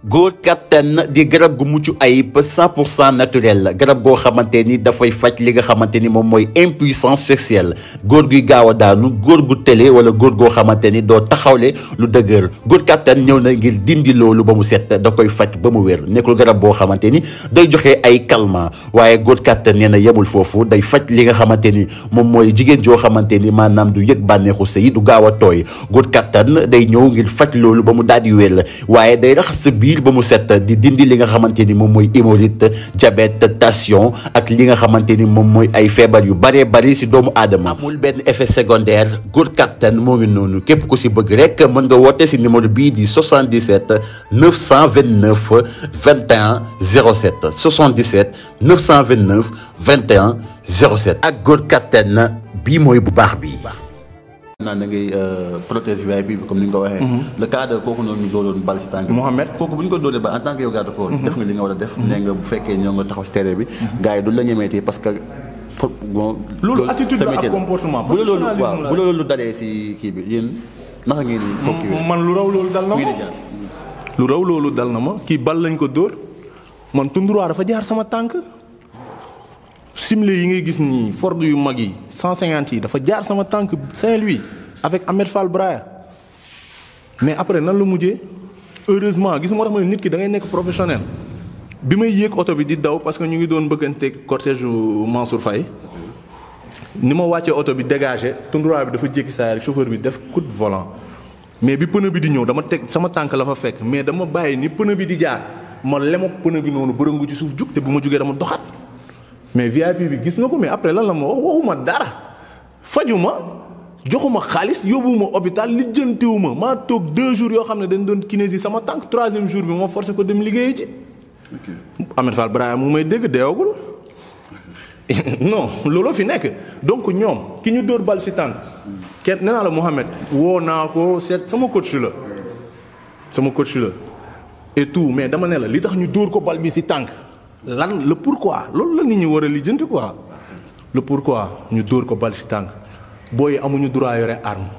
góor kattan di garab gu mucc ay 100 pour cent naturel garab goo xamante ni dafay faj li nga xamante ni moom mooy impuissance sexuelle góor guy gaaw a daanu góor gu tële wala góor goo xamante ni doo taxawle lu dëgër góor kattan ñëw na ngir dindi loolu ba mu set da koy faj ba mu wér nekkul garab boo xamante ni day joxe ay calmants waaye góor kattan nee na yemul foofu day faj li nga xamante ni moom mooy jigéen joo xamante ni maanaam du yëg bànneexu sëy du gaaw a tooy góor kattan day ñëw ngir faj loolu ba mu daal di wér waaye huile ba mu set di dindi li nga xamante ni moom mooy hémorroïde diabète tension ak li nga xamante ni moom mooy ay feebar yu bëree bëri si doomu aadama amul benn effet secondaire góor kattan moo ngi noonu képp ku si bëgg rek mën nga woote si numéro bii di 77 929 21 07 77 929 21 07 ak góor kattan bii mooy bu baax bi naan da ngay euh, protéger VIP bi comme ni nga waxee mhm. le cadre kooku noonu dooloon bal si tànk Mohamed kooku bu ko dóoree ba en tant yow garde corps mhm. def nga li nga war a def nee bu fekkee ñoo nga taxaw si terrain bi mhm. gars du la ñemeetee parce que loolu attitude ak comportement bu loolu waaw bu loolu dalee si kii bi yéen naka ngeen di mm-hmm. man lu raw loolu dal na ma lu raw loolu kii bal lañ ko dóor man tundurwaa dafa jaar sama tànk simle yi ngay gis nii Ford yu mag yi 150 yi dafa jaar sama tànk Saint-Louis avec Ahmed Fall Braya mais après na la mujjee heureusement gis moo tax ma ne nit ki da ngay nekk professionnel bi may yéeg oto bi di daw parce que ñu ngi doon bëgganteeg cortège Mansour Faye ni ma wàccee oto bi dégagé tunduraay bi dafa jékki saa rek chauffeur bi def coup de volant mais bi pneu bi di ñëw dama teg sama tànk la fa fekk mais dama bàyyi ni pneu bi di jaar ma lem ak pneu bi noonu bërëngu ci suuf jug bu ma jugee dama doxat mais VIP bi gis na ko mais après lan la ma wax waxuma dara fajuma joxuma xaalis yóbbuma hôpital lijjantiwuma maa toog deux jours yoo xam ne dañ doon kinési sama tànk troisième jour bi moo forcé ko dem liggéeyi ci. ok Ahmed Fall Brahima mu may dégg deewagul non looloo fi nekk donc ñoom ki ñu dóor bal si tànk. kenn nee naa la Mouhamed woo naa ko seet sama coach la sama coach la et tout mais dama ne la li tax ñu dóor ko bal bi si tànk. lan pour pourquoi loolu la nit ñi war a lijjanti quoi pour quoi ñu dóor ko bal ci tànk booy amuñu droit yore arme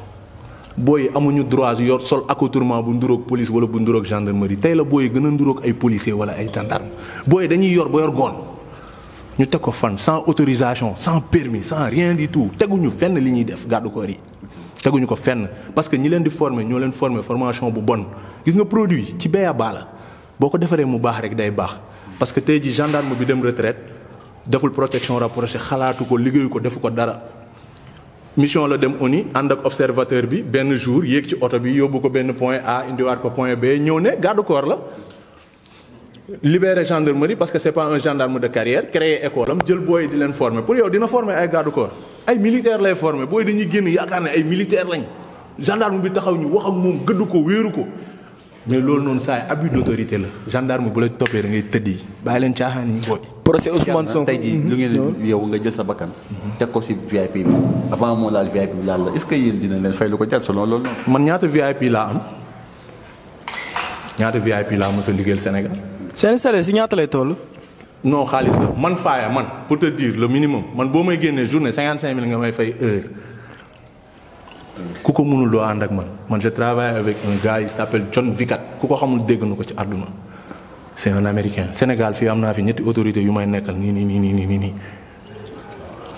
booy amuñu droit yor sol accoutrement bu nduroog police wala bu nduroog gendarmerie tey la booy gën a nduroog ay policier wala ay gendarme booy dañuy yor ba yor goon ñu teg ko fan sans autorisation sans permis sans rien du tout teguñu fenn li ñuy def gàddu koor yi teguñu ko fenn parce que ñi leen di former ñoo leen former formation bu bon gis nga produit ci béya baa la boo defaree mu baax rek day baax parce que tey ji gendarme bi dem retraite deful protection rapprochée xalaatu ko liggéeyu ko defu ko dara mission la dem ONU ànd ak observateur bi benn jour yéeg ci oto bi yóbbu ko benn point A indiwaat ko point B ñëw ne garde corps la libérer gendarmerie parce que c'est pas un gendarme de carrière créer école am jël booy di leen former pour yow dina former ay garde ay militaire lay former booy dañuy génn yaakaar ne ay militaire lañ gendarme bi taxaw ñu wax ak moom gëdd ko wéeru ko mais loolu noonu saa yi abus d'autorité la gendarme bu la toppee da ngay tëddi bàyyi leen caaxaan yi booy. procès Ousmane Sonko tey jii lu ngeen yow nga jël sa bakkan. teg ko si VIP bi avant moo laal VIP bi laal la est ce que yéen dina leen fay lu ko jar selon loolu noonu. man ñaata VIP laa am ñaata VIP laa mos a liggéeyal Sénégal. seen salaire si ñaata lay toll. non xaalis la man faaya man pour te dire le minimum man boo may génnee journée cinquante cinq mille nga may fay ku ko mënul doo ànd ak man man je travaille avec un gars il John Vicat ku ko xamul dégg na ko ci àdduna c'est un américain Sénégal fii am naa fi ñetti autorité yu may nekkal nii nii nii nii nii nii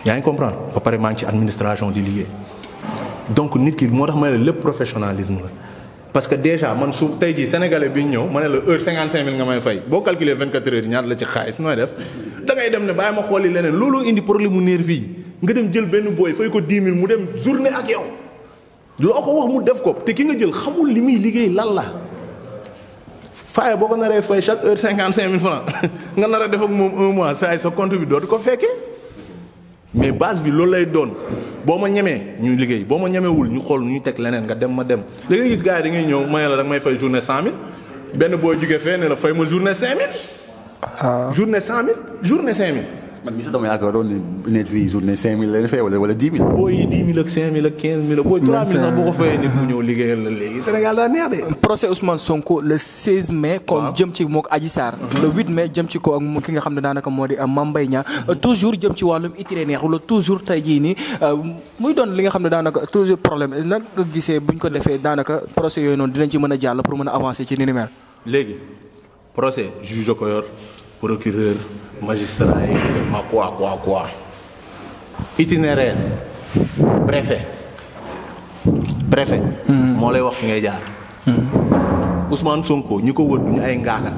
yaa ngi comprendre ba pare maa ngi ci administration di liggéey donc nit ki moo tax ma ne la lépp professionnalisme la parce que déjà man su tey jii sénégalais bi ñëw ma ne la heure cinquante cinq mille nga may fay boo calculer vingt quatre heures ñaata la ci xaalis nooy def da dem ne bàyyi ma xooli leneen looloo indi problème mu nervi yi nga dem jël benn booy fay ko dix mille dem journée ak yow. loo ko wax mu def ko te ki nga jël xamul li muy liggéey lan la faaye boo ko naree fay chaque heure cinquante cinq mille francs nga nar a def ak moom un mois saa yi sa compte bi dootu ko fekkee mais base bi loolu lay doon boo ma ñemee ñu liggéey boo ma ñemewul ñu xool nu ñu teg leneen nga dem ma dem da ngay gis gars yi da ngay ñëw maye la da may fay journée cent mille benn boo jógee fee ne la fay ma journée cinq mille. Ah. journée cent mille journée cinq mille. man mii sax dama yaakaaroon ne net bi journée 5000 la ñu fay wala wala 10 000. booy yi 10 000 ak 5000 ak 15000 ak. booy 3000 sax boo ko fayee nit mu ñëw liggéeyal la léegi Sénégal daa neex de. procès Ousmane Sonko le 16 mai. waaw kon jëm ci mook Adji Sarr. Mhm. le 8 mai jëm ci ko ak moom ki nga xam ne daanaka moo di euh, Mame Mbaye Niang mhm. euh, toujours jëm ci wàllum itinéraire wala toujours tey jii nii euh, muy doon li nga xam ne daanaka toujours problème nag nga gisee buñ ko defee daanaka procès noonu dinañ ci mën a jàll pour mën a avancer ci léegi procès juge ko magistrat yi je sais pas quoi quoi quoi préfet préfet. Hmm. moo lay wax fi ngay jaar. Hmm. Ousmane Sonko ñi ko wër duñu ay ngaaka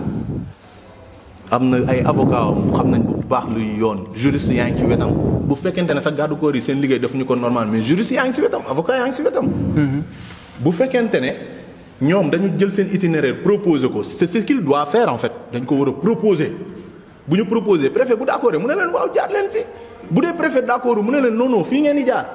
am na ay avocat xam nañ bu baax luy yoon juriste yaa ngi ci wetam bu fekkente ne sax garde yi seen liggéey defuñu ko normal mais juriste yaa ngi ci wetam avocat yaa ngi ci wetam. Hmm. bu fekkente ne ñoom dañu jël seen itinéraire proposer ko si ce qu'il doit faire en fait dañ ko war a proposer. bu ñu proposé préfet bu d'accord mu ne leen waaw jaar leen fii bu dee préfet d'accord mu ne leen non non fii ngeen di jaar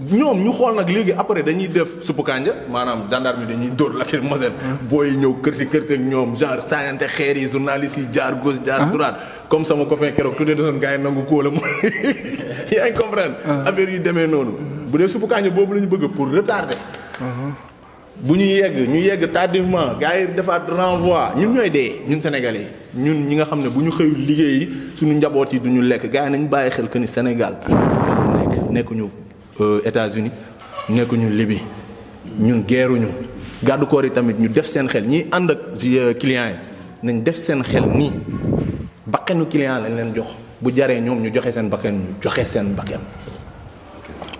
ñoom ñu xool nag léegi après dañuy def suppu kanja maanaam mi dañuy dóor lacrymogène booy ñëw kërti kërti ak ñoom genre saañante xeer yi journaliste yi jaar gauche jaar ah. droite comme sama copain keroog tuddee doon gars yi nangu kóola mooy yaa ngi comprendre ah. affaire yi demee noonu bu dee suppu kanja boobu la ñu bëgg pour retarder ah. bu ñu yegg ñu yegg tardivement gars yi defaat renvoi ñun ñooy dee ñun sénégalais ñun ñi nga xam ne bu ñu xëyul liggéey suñu njaboot yi du ñu lekk gars yi nañ bàyyi xel que ni Sénégal nekk nekkuñu euh, États-Unis nekkuñu Libye ñun geeruñu gàddu koor yi tamit ñu def seen xel ñiy ànd ak euh, client yi nañ def seen xel nii bakkenu client lañ leen jox bu jaree ñoom ñu joxe seen bakken ñu joxe seen bakken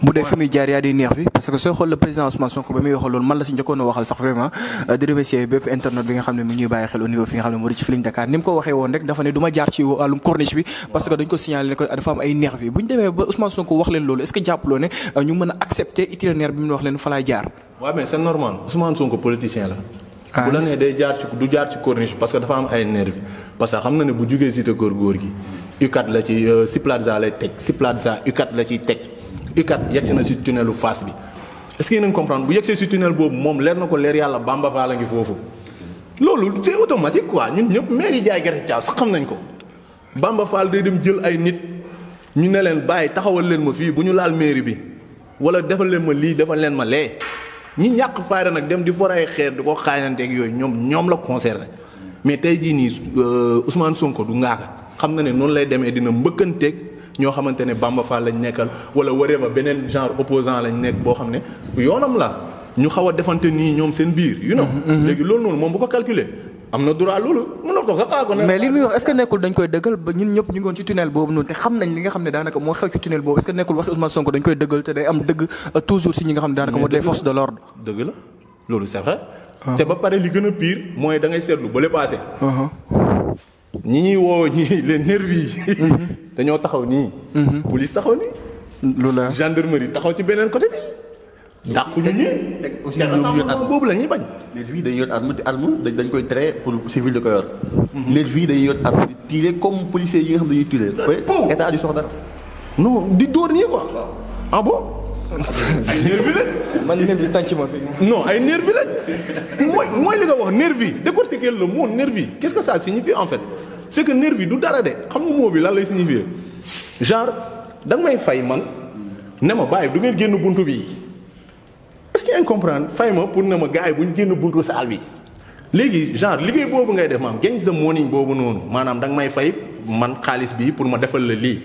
bu dee fi muy jaar yaa di neex parce que sooy xool le président Ousmane Sonko ba muy waxal loolu man la si njëkkoon a waxal sax vraiment euh, di bépp internet bi nga xam ne mi ñuy bàyyi xel au niveau fi nga xam ne moo di ci Feeling woon rek dafa ne du jaar ci wàllum corniche bi parce que dañ ko signalé ne ko dafa am ay neex bu ñu demee ba Ousmane Sonko wax leen loolu est-ce que jàppaloo ne euh, ñu mën a accepter itinéraire bi mu wax leen fa UCAD yegg na si tunnelu Fass bi est-ce que yéen bu yegsee si tunnel boobu moom leer na ko leer yàlla Bamba Fall la ngi foofu. loolu c'est automatique quoi ñun ñëpp maire yi jaay gerte caaw sax xam nañ ko Bamba day dem jël ay nit ñu ne leen bàyyi taxawal leen ma fii bu ñu laal mairie bi wala defal leen ma lii defal leen ma lee ñi ñàkk fayda nag dem di for ay xeer di ko xaañanteeg yooyu ñoom ñoom la concerné mais tey jii nii euh, Ousmane Sonko du ngaaka xam na ne noonu lay demee dina mbëkkanteeg. ñoo xamante ne Bamba Fall lañ nekkal wala wërëb beneen genre opposant lañ nekk boo xam ne yoonam la ñu xaw a defante nii ñoom seen biir. you know mm-hmm, mm-hmm. léegi loolu noonu moom bu ko calculer am na droit loolu mënoo ko sax ko. mais ñëpp ñu ngoon ci tunnel boobu noonu te xam nañ nga xam ne daanaka moo xew ci tunnel te day am dëgg euh, toujours si de l'ordre. dëgg la loolu c'est vrai. Ah. te ba pare li gën a pire mooy da ngay seetlu ba le passé. Ah. ñi ñuy woowee ñi les nervis yi. Mhm. dañoo taxaw nii. Mhm. police taxaw nii. lu la gendarmerie taxaw ci beneen côté bi. dàqu ñu ñii. teg aussi at boobu la ñuy bañ. nervis yi dañuy yor arme arme dañ koy tere pour civil di ko yor. nervis yi dañuy yor arme di tirer comme policiers yi nga xam dañuy tirer. état di soxla. non di dóor nii quoi. ah bon. ay nervi la. man nervi tànc ma fi. non ay nervi la mooy mooy li nga wax nervi décortiquer le mot nervi qu'est-ce que ça fi en fait c'est que nervi du dara de xam nga mot bi lan lay ñu genre da nga may fay man ne ma bàyyi du ngeen génn bunt bi est-ce que yaa fay ma pour ne ma gars yi bu ñu génn buntu saal bi léegi genre liggéey boobu ngay def maanaam gain the morning boobu noonu maanaam danga may fay man xaalis bi pour ma defal la lii.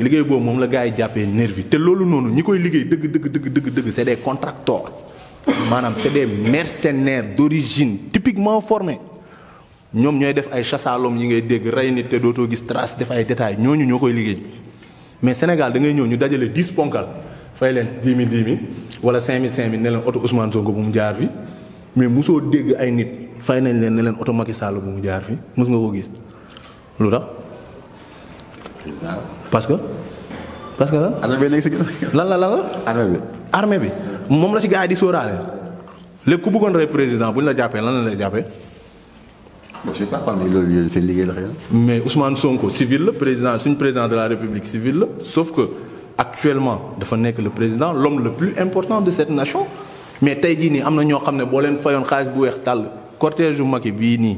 liggéey boobu moom la gars yi jàppee nervi te loolu noonu ñi koy liggéey dëgg dëgg dëgg dëgg dëgg c'est des contracteurs maanaam c'est des mercenaires d'origine typiquement formés ñoom ñooy def ay chassaalom yi ngay dégg rey nit te dootoo gis trace def ay détails ñooñu ñoo koy liggéey mais Sénégal da ngay ñëw ñu dajale dix ponkal fay leen dix mille dix mille wala cinq mi cinq mille ne leen oto Ousmane Sonko bu mu jaar fi mais mosoo dégg ay nit fay nañ leen ne leen oto Macky Sall bu jaar fi mos nga ko gis parce que parce que lan. la bi la la lan la. armée bi armée bi moom la si gars yi di sóoraale léegi ku bëggoon rey président bu ñu la jàppee lan la lay jàppee. bon je sais mais loolu liggéey la mais Ousmane Sonko civil la président suñu président de la République civil la sauf que actuellement dafa nekk le président l'homme le plus important de cette nation. mais tey jii nii am na ñoo xam ne boo leen fayoon xaalis bu weex tàll cortège bu Macky bii nii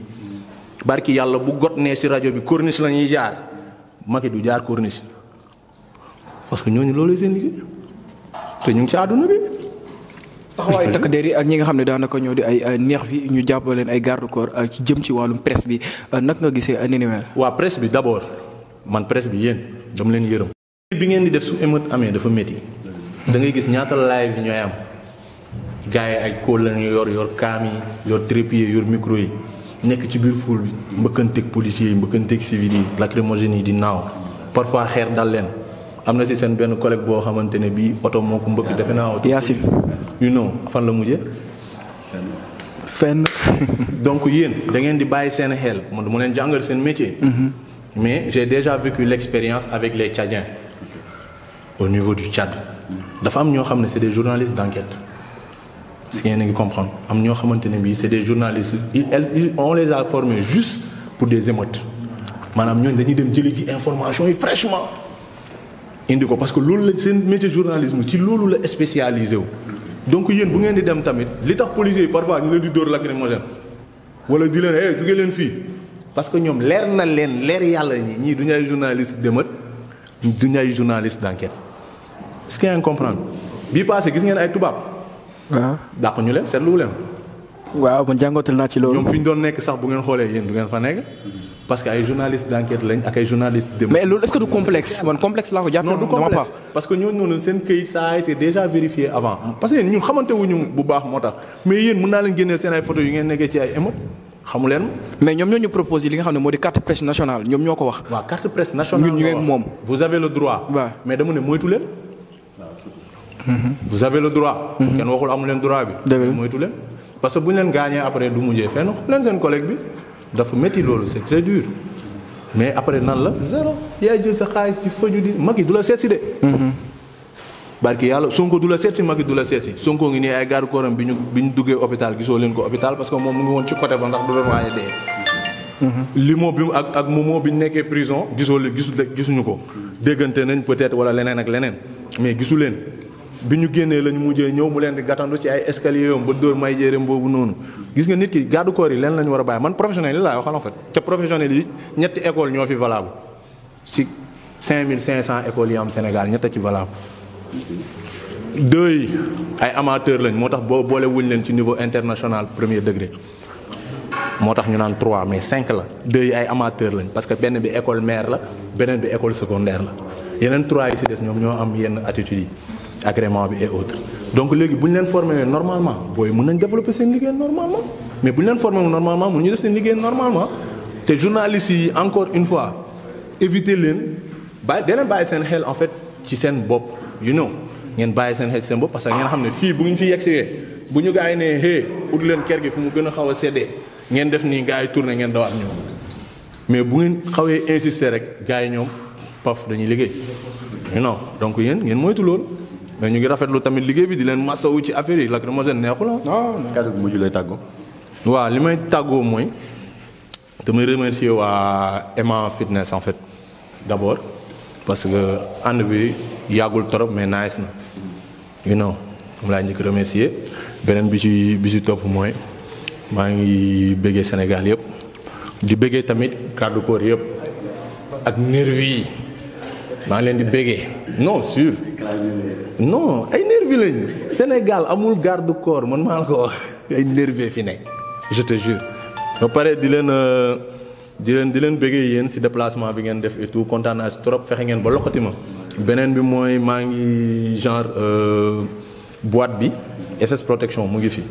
barki yàlla bu got nee si rajo bi corniche la ñuy jaar. Macky du jaar corniche parce que ñooñu loolu seen liggéey te ñu ngi ci àdduna bi. taxawaayu takk der yi ak ñi nga xam ne daanaka ñoo di ay neex fi ñu jàppale leen ay garde corps euh, ci jëm ci wàllum press bi euh, nag nga gisee euh, ni waa presse bi d'abord man presse bi yéen dama leen yërëm. bi ngeen di def su émeute amee dafa métti. da ngay gis ñaata live ñooy am. gars ay kóol la ñu yor yor kaam yi yor trépied yor micro yi. nekk ci biir foule bi mbëkkanteeg policiers yi mbëkkanteeg civil yi lacrymogènes yi di naaw parfois xeer dal leen am na si seen benn collègue boo xamante ne bii oto moo ko mbëkk defe naa oto. yaasin yu non fan la mujjee. fenn. donc yéen da ngeen di bàyyi seen xel man du ma leen jàngal seen métier. Mm-hmm. mais j'ai déjà vécu l'expérience avec les Tchadiens au niveau du Tchad. dafa am ñoo xam ne c'est des journalistes d'enquête. si yéen a ngi comprendre am ñoo xamante ne bii c'est des journalistes ils on les a formés juste pour des émeutes maanaam ñooñu dañuy dem jëli ci information yi fraîchement indi ko parce que loolu la seen métier journalisme ci loolu la spécialisé wu. donc yéen bu ngeen di dem tamit li tax policiers yi parfois ñu leen di dóor lacrymogène wala di leen eh duggee leen fii parce que ñoom leer na leen leer yàlla ñi ñii du ñu ay journaliste d'émeute du ñu ay journaliste d'enquête est que ngeen comprendre bii ay tubaab. waaw dàq ñu leen seetlu leen. waaw man jàngootal naa ci loolu. ñoom fi ñu doon nekk sax bu ngeen xoolee yéen du ngeen fa nekk. parce que ay journalistes d'enquête lañ ak ay journalistes. de mais loolu est du complexe man complexe laa ko jàppee. non du complexe parce que ñooñu noonu seen këyit ça a été déjà vérifié avant. parce que ñun xamante bu baax moo tax mais yéen mën naa leen génneel seen ay photos yu ngeen nekkee ci ay émeute xamu leen. mais ñoom vous avez le droit. Mhm. kenn waxul amu leen droit bi. dëgg la moytu que bu ñu leen gaañee après du mujjee fenn leen seen collègue bi dafa métti loolu c'est très dur mais après nan la zéro yaay jël sa xaalis ci faju di mag yi du la seet si de. Mhm. barki yàlla du la seet si Macky du la seet si Sonko ngi nii ay garde corps bi ñu bi ñu duggee hôpital gisoo leen ko hôpital parce que moom mu ngi woon ci côté ba ndax du doon waaye dee. Mhm. limo bi ak ak momo bi ñu nekkee prison gisoo leen gisu gisuñu ko déggante nañ peut-être wala leneen ak leneen mais gisu leen. bi ñu génnee lañu mujjee ñëw mu leen di gàttandoo ci ay escalier yoom ba dóor may jéeréem boobu noonu gis nga nit ki garde corps yi leen la ñu war a bàyyi man professionnel yi laay waxal en fait te professionnel yi ñetti école ñoo fi valable si 5500 écoles yi am Sénégal ñett ci valable deux yi ay amateurs lañ moo tax boo boole wuñ leen ci niveau international premier degré moo tax ñu naan trois mais cinq la deux yi ay amateurs lañ parce que benn bi école mère la beneen bi école secondaire la yeneen trois yi des ñoom ñoo am yenn attitude yi agrément bi et autres donc léegi bu ñu leen formé normalement booy mun nañ développer seen liggéey normalement mais bu ñu leen formé normalement mënuñu def seen liggéey normalement te journalistes yi encore une fois éviter leen ba da leen bàyyi seen xel en fait ci seen bopp you know ngeen bàyyi seen xel ci seen bopp parce que ngeen xam ne fii bu ñu fi yegsee bu ñu gars yi nee hey ut leen kër gi fu mu gën a xaw a seddee ngeen def nii gars yi tourné ngeen dawaat ñoom mais bu ngeen xawee insister rek gars yi ñoom paf dañuy liggéey non donc yéen ngeen moytu loolu. mais ñu ngi rafetlu tamit liggéey bi di leen masawu ci affaire yi lacrymogène neexu la. kàddu gi mujj lay tàggoo. waa li may tàggoo mooy damay remercier waa Ema Fitness en fait d'abord parce que ànd bi yàggul trop mais nice na you know moom laa njëkk remercier beneen bi ci bi ci topp mooy maa ngi bëggee Sénégal yëpp di bëggee tamit garde corps yëpp ak nervi maa ngi leen di bégee non sûr non ay nervi lañu Sénégal amul garde corps man maa la ko wax ay nervi fi nekk je te pare euh, di leen di leen di leen bégee yéen si déplacement bi ngeen def et tout si trop fexe ngeen ba loxati ma beneen bi mooy maa ngi genre euh, boîte bi SS protection mu ngi fi.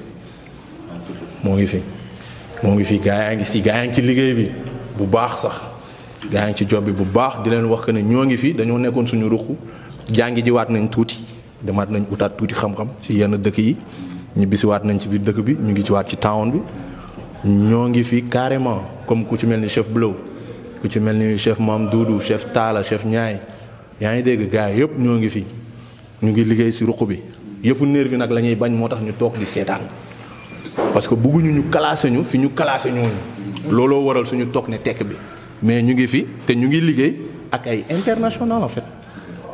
moo ngi fi moo ngi fi gaa yaa ngi si gaa yaa ngi ci liggéey bi bu baax sax. gaa ngi ci job bi bu baax di leen wax que ne ñoo ngi fi dañoo nekkoon suñu ruq jàngi ji waat nañ tuuti demaat nañ utaat tuuti xam-xam ci yenn dëkk yi ñu bisiwaat nañ ci biir dëkk bi ñu ngi ci waat ci town ñoo ngi fi carrément comme ku ci mel ni chef Blow ku ci mel ni chef Maam Doudou chef Talla chef Ñaay yaa ngi dégg gars yëpp ñoo ngi fi ñu ngi liggéey si ruq bi yëfu nervi nag lañuy bañ moo tax ñu toog di seetaan parce que bëgguñu ñu classé ñu fi ñu classé ñooñu looloo waral suñu toog ne tekk bi mais ñu ngi fi te ñu ngi liggéey ak ay international en fait.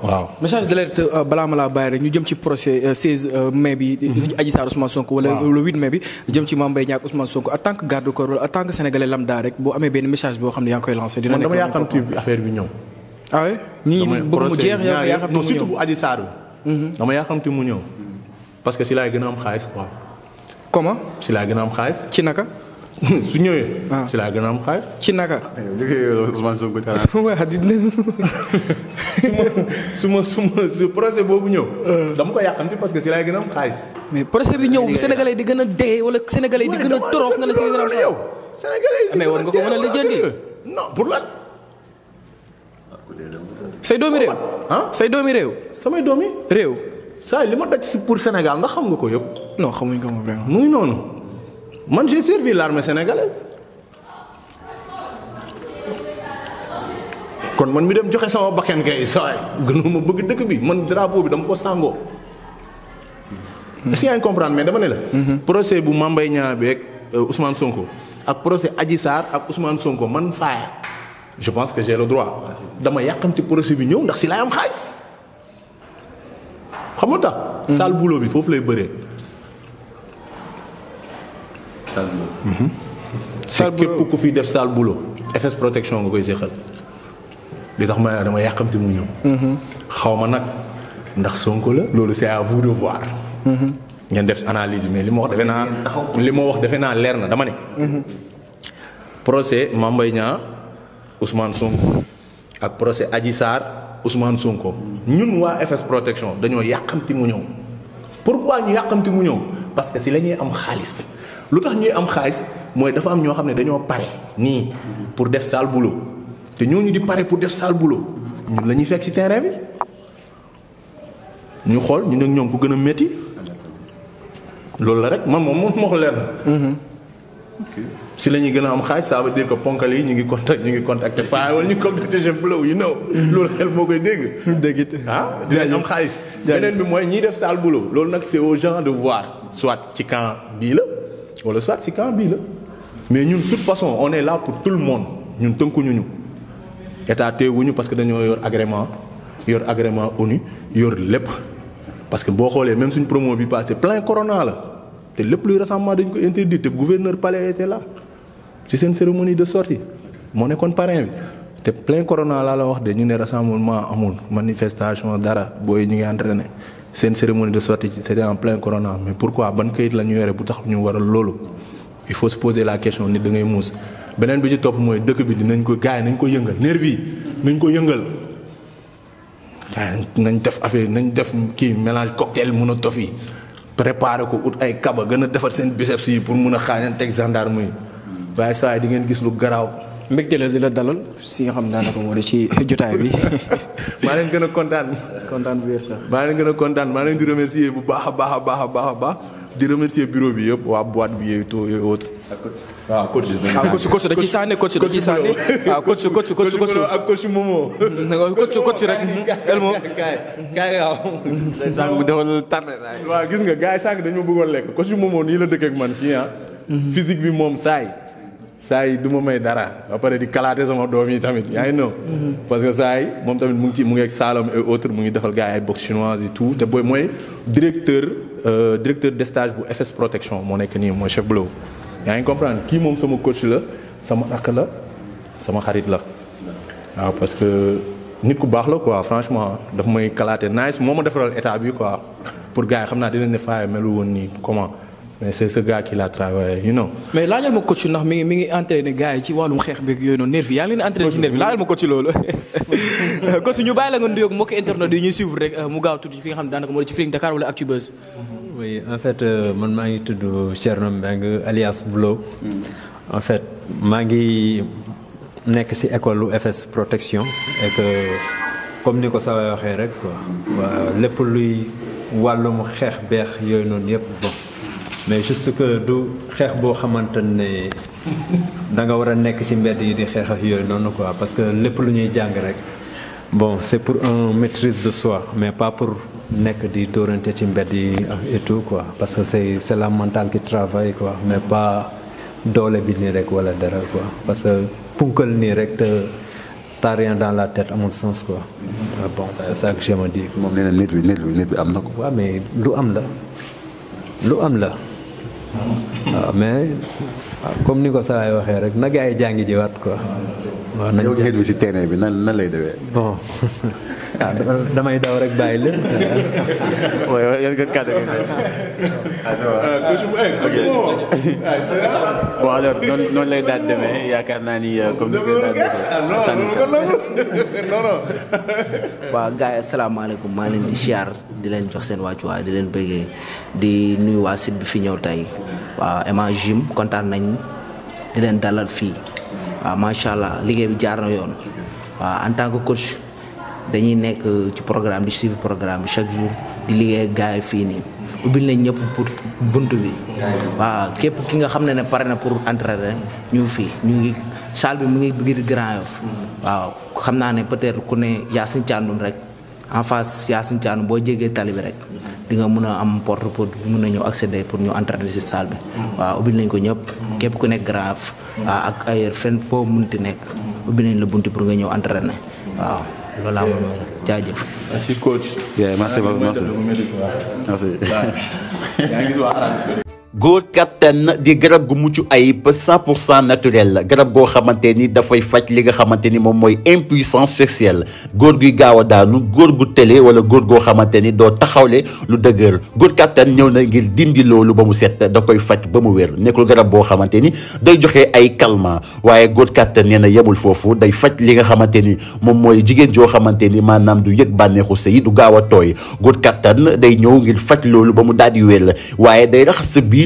waaw message d'alerte euh, balaa ma laa bàyyi rek ñu jëm ci procès 16 euh, euh, mai bi. Mhm. Adji Sarr Ousmane Sonko. wala le 8 mai bi jëm ci Mame Mbaye Niang ak Ousmane Sonko en tant que a corps wala en tant que sénégalais lambda rek boo amee benn message boo xam ne yaa ngi koy lancé. dina nekk dama yaakaar bi bi ñëw. ah oui ñii bëgg mu jeex yaa xam ne mu ñëw surtout bu Adji Sarr bi. Mhm. dama mu ñëw. parce que si laay gën a am xaalis quoi. comment. si laay gën a am xaalis. ci naka. su ñëwee. ah si laa gën a am xaalis. ci naka. Ousmane Sonko waaw su ma su ma su procès boobu ñëw. Ah. dama ko yàqanti parce que si laay gën a am xaalis. mais procès bi ñëw sénégalais di gën a dee wala sénégalais di gën a torox nga ne sénégalais yow. sénégalais yi ah, mais ko mën a lijjanti. non pour lan. say doomi réew. say doomi réew. samay doomi réew. saa li ma daj si pour Sénégal ndax xam nga ko yëpp. non xamuñ ko moom vraiment. muy noonu. man j'ai servi l'armée sénégalaise kon man mu dem joxe sama bakkan kay saay ma bëgg dëkk bi man drapeau bi dama ko sàngoo si yaa ngi mais dama ne la mhm. procès bu Mame Mbaye Niang beeg euh, Ousmane Sonko ak procès Adji Sarr ak Ousmane Sonko man faaya je pense que j'ai le droit dama yàqamti procès bi ñëw ndax si laay am xaalis xam tax mhm. sale boulot bi foofu lay bëree sale boulot. Mhm. sale boulot képp def sale boulot. FS protection nga koy seqal. li tax ma dama yàqamti mu ñëw. Mhm. xaw ma nag ndax Sonko la. loolu c'est à vous de voir. Mhm. ngeen def analyse mais li ma wax defe naa. li ma wax defe naa leer na dama ne. procès Mame Mbaye Niang Ousmane Sonko ak procès Adji Sarr Ousmane Sonko ñun waa FS protection dañoo yàqamti mu ñëw. pourquoi ñu yàqamti mu ñëw parce que si lañuy am xaalis. lu tax ñuy am xaalis mooy dafa am ñoo xam ne dañoo pare nii pour def sale boulot te ñooñu di pare pour def sale boulot ñun la ñuy fekk ci terrain bi ñu xool ñu ne ñoom ku gën a métti loolu la rek man moom moom moo leer na. si la ñuy gën a am xaaj saa veut dire que ponkal yi ñu ngi contact ñu ngi contacté faay wala ñu contacté chef blow you know loolu xel moo koy dégg. dégg ah, am xaalis. beneen bi mooy ñiy def sale boulot loolu nag c'est aux gens de voir soit ci camp bii la. wala soit si camp bii la mais ñun toute façon on est là pour tout le monde ñun tënkuñu ñu état teewuñu parce que dañoo yor agrément yor agrément ONU yor lépp parce que boo xoolee même suñ promo bi passé plein corona la te lépp luy rassemblement dañ ko interdit te gouverneur palais était là ci seen cérémonie de sortie moo nekkoon parrain bi te plein corona laa la wax de ñu ne rassemblement amul manifestation dara booy ñu ngi entraîné seen cérémonie de sortie c'était en plein corona mais pourquoi ban kayit la ñu yore bu tax ñu waral loolu il faut se poser la question nit da muus beneen bi ci topp mooy dëkk bi dinañ ko gars yi nañ ko yëngal nervi yi nañ ko yëngal nañ def affaire nañ def kii mélange cocktail mun a tof yi préparer ko ut ay kaba gën a defar seen biceps yi pour mun a xaañanteeg gendarme yi waaye saa yi di ngeen gis lu garaaw. mbégte la di la dalal si nga xam daanaka moo di ci jotaay bi. maa leen gën a kontaan. kontaan bu wér sax. maa leen gën a kontaan maa leen di remercier bu baax a baax a baa a baax a baax di remercier bureau bi yëpp waa boîte bi yëpp et autres. waaw coach ah, coach ah, coach da ciy sànni coach da ciy sànni waaw ah, coach coach coach coach ak coach Momo coach coach rek mhm. elmo gaay gaay waaw day sànq bu defal tardé waaw gis nga gaay sànq dañu bëggoon lekk coach Momo nii la dëkk ak man fii ah mhm. physique bi moom saay saa yi du ma may dara ba pare di kalaate sama doom yi tamit yaa ngi non mm-hmm. parce que saa yi moom tamit mu ngi mu ngi ak Saalum et autres mu ngi defal gars yi ay boxe chinoise et tout te booy mooy directeur euh, directeur de stage bu FS protection moo nekk nii mooy chef Blow yaa ngi comprendre kii moom sama coach la sama rakk la sama xarit la waaw parce que nit ku baax la ko franchement daf may kalaate nice moo ma defaral état bi quoi pour gars yi xam naa dinañ ne faaya melu woon nii comment mais l'a mais laajal ma coach ndax mi ngi mi ngi entraîné gars yi ci wàllum xeex beeg yooyu noonu nerf yi yaa ngi leen entraîné ci nerf laajal ma coach loolu. coach ñu bàyyi la nga nuyoog mbokki internet yi ñuy suivre rek euh, mu gaaw tuuti fi nga xam ne daanaka moo di ci Feeling Dakar wala Actubuzz. Mm-hmm. en fait euh, man maa ngi tudd Thierno Mbengue alias Blo. Mm. en fait maa ngi nekk si école u FS protection et comme ni ko sa waxee rek quoi. lépp luy wàllum xeex beex yooyu noonu yëpp mais juste que du xeex boo xamante ne da nga war a nekk ci mbedd yi di xeex ak yooyu noonu quoi parce que lépp lu ñuy jàng rek bon c'est pour un maîtrise de soi mais pas pour nekk di dóorante ci mbedd yi et tout quoi parce que c'est c'est la mentale qui travaille quoi mais pas doole bi nii rek wala dara quoi parce que punkal nii rek te t'as dans la tête amul sens quoi. Ah, bon c'est ça que je me moom nee na nit bi nit bi nit bi am na ko. waaw mais lu am la am la. waaw ah, mais comme ni ko saa waxee rek na gars yi jàngi jiwaat ko waaw nañ yow ngeen bi si terrain bi nan nan lay demee. bon ah damay daw rek bàyyi leen. noonu lay daal demee yaakaar naa ni euh, comme ni nga daal defee. Ah, waaw gars yi asalaamaaleykum maa leen di siyaar. di leen jox seen wàccuwaay di leen bëggee di nuyu waa site bi fi ñëw tey waaw Emma Jim kontaan nañ di leen dalal fii waaw macha allah liggéey bi jaar na yoon waaw en tant que coach dañuy nekk ci programme di suivre programme bi chaque jour di liggéey gaay fii nii ubbil nañ ñëpp pour bunt bi waaw képp ki nga xam ne ne pare na pour entraîner ñu fii ñu ngi salle bi mu ngi biir Grand Yoff waaw xam naa ne peut-être ku ne Yacine Thiandoum rek en face Yacine Thiam boo jegee tali bi rek di nga mën a am porte pour mën a ñëw accéder pour ñu entrer ci salle bi waaw ubbil nañ ko ñëpp képp ku nekk grave waaw ak ailleurs fenn foo munti nekk ubbi nañ la bunti pour nga ñëw entraîner waaw loolu laa moom jaajëf. merci coach. merci beaucoup merci. yaa ngi gis waa góor kattan di garab gu mucc ayib cent pour cent naturel garab goo xamante ni dafay faj li nga xamante ni moom mooy impuissance sexuelle góor guy gaaw a daanu góor gu tële wala góor goo xamante ni doo taxawle lu dëgër góor kattan ñëw na ngir dindi loolu ba mu set da koy faj ba mu wér nekkul garab boo xamante ni day joxe ay calmant waaye góor kattan nee na yemul foofu day faj li nga xamante ni moom mooy jigéen joo xamante ni maanaam du yëg bànneexu sëy du gaaw a tooy góor kattan day ñëw ngir faj loolu ba mu daal di wér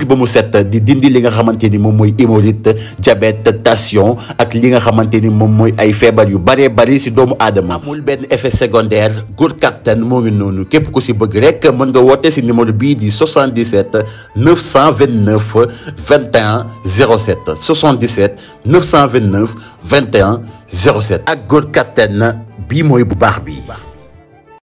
ba mu set di dindi li nga xamante ni moom mooy hémorroïde jabet tension ak li nga xamante ni moom mooy ay feebar yu bëree bëri si doomu aadama amul benn effet secondaire góor kattan moo ngi noonu képp ku si bëgg rek mën nga woote si numéro bii di 77 929 21 07 77 929 21 07 ak góor kattan bii mooy bu baax bi